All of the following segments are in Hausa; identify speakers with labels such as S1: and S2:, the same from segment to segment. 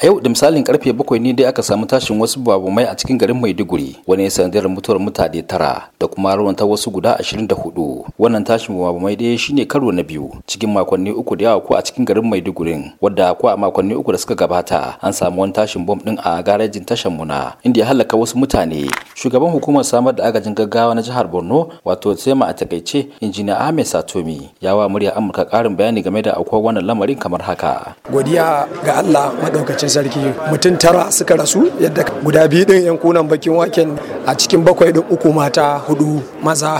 S1: a yau da misalin karfe bakwai ne dai aka samu tashin wasu mai a cikin garin maiduguri wani ya sanadiyar mutuwar mutane tara da kuma ta wasu guda ashirin da hudu wannan tashin mai dai shine karo na biyu cikin makonni uku da yawa ko a cikin garin maidugurin wadda ko a makonni uku da suka gabata an samu wani tashin bom din a garejin tashan muna inda ya halaka wasu mutane shugaban hukumar samar da agajin gaggawa na jihar borno wato sema a takaice injiniya ahmed satomi ya wa murya amurka karin bayani game da akwai wannan lamarin kamar haka
S2: godiya ga allah maɗaukacin sarki mutum tara suka rasu yadda guda biyu din yan kunan bakin waken a cikin bakwai ɗin uku mata hudu maza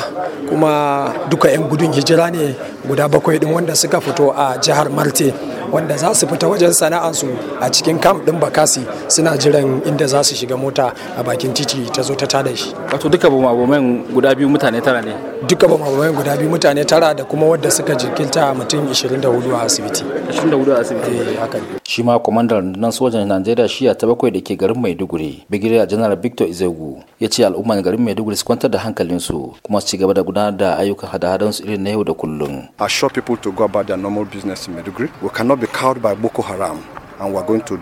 S2: kuma duka yan gudun hijira ne guda bakwai ɗin wanda suka fito a jihar marte wanda za su fita wajen sana'ansu a cikin kam din bakasi suna jiran inda za su shiga mota a bakin titi ta zo ta tada shi
S1: wato duka bumabuman guda biyu mutane tara ne
S2: duka bumabuman guda biyu mutane tara da kuma wadda suka jinkirta mutum 24 a asibiti 24 a asibiti eh haka
S1: shi ma kwamandar nan sojan Najeriya shiya ta bakwai da ke garin Maiduguri bigiriya General Victor Izegu ya ce al'umman garin Maiduguri su kwantar da hankalinsu kuma su ci gaba da gudanar da ayyukan hada-hadansu irin na yau da kullum. Assure people to go about their normal business in Maiduguri. We cannot not be cowed by Boko Haram and we're going to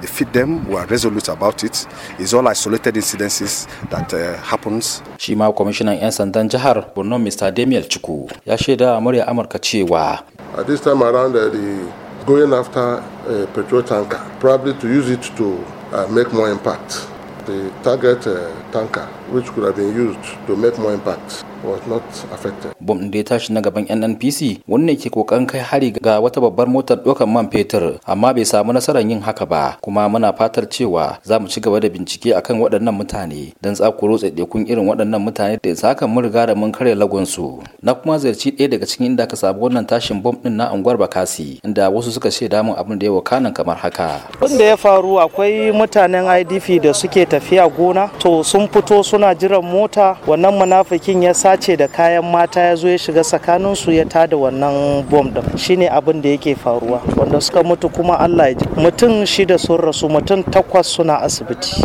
S1: defeat them. We are resolute about it. It's all isolated incidences that uh, happens. Shi ma kwamishinan 'yan sandan jihar Borno Mr. Damiel Chuku ya shaida a murya Amurka cewa. At this time around uh, the going after a uh, petrol tanker, probably to use it to uh, make more impact. The target uh, tanker which could have been used to make more impact was not affected. Bom da ya tashi na gaban NNPC wannan ke kokarin kai hari ga wata babbar motar ɗaukar man fetur amma bai samu nasarar yin haka ba kuma muna fatar cewa za mu ci gaba da bincike akan waɗannan mutane don tsakuro kun irin waɗannan mutane da yanzu kan mun riga da mun karya lagonsu. Na kuma ziyarci ɗaya daga cikin inda aka samu wannan tashin bom ɗin na unguwar Bakasi inda wasu suka shaida damun abin da ya wakana kamar haka.
S3: Abin
S4: da ya faru akwai mutanen IDP da suke tafiya gona to sun fito su suna jiran mota wannan munafikin ya sace da kayan mata ya zo ya shiga tsakanin su ya tada wannan bom din shine abin da yake faruwa wanda suka mutu kuma Allah ya ji mutum shida sun rasu mutum takwas suna asibiti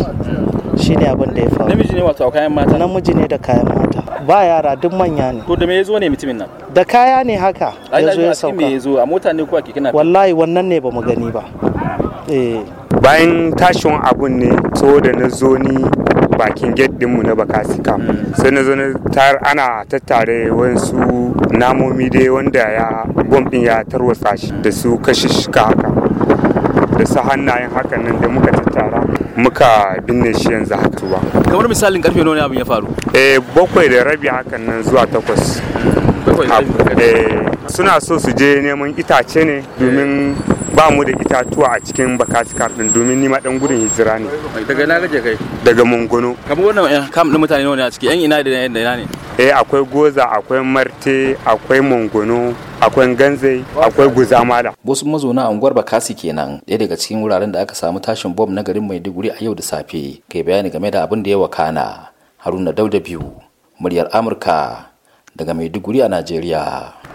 S4: shine abin da ya faru namiji ne wato kayan mata namiji ne da kayan mata ba yara duk manya ne
S1: to da me yazo ne mutumin nan
S4: da kaya ne haka yazo ya sauka
S3: me yazo a mota ne ko a keke wallahi wannan ne bamu gani ba eh bayan tashin abun ne so da na zo ni bakin gate dinmu na bakasika sai na zo na tar ana tattare wasu namomi dai wanda ya bombin ya tarwatsa shi da su kashishka haka da su hannayen hakan nan da muka tattara muka binne shi yanzu haka ba kamar misalin karfe nawa abin ya faru eh bakwai da rabi hakan nan zuwa takwas eh, suna so su je neman itace ne domin ba mu da itatuwa a cikin bakasikar din domin ni ma dan gudun hijira ne
S1: daga ina kaje kai
S3: daga mongono kamar wannan kam eh, din mutane nawa ne a ciki yan ina da yan ina ne eh akwai goza akwai marte akwai mongono akwai ganze akwai guzamala
S1: wasu mazauna unguwar bakasi kenan ɗaya daga cikin wuraren da aka samu tashin bom na garin maiduguri a yau da safe kai bayani game da abin da ya wakana haruna dauda biyu muryar amurka daga maiduguri a najeriya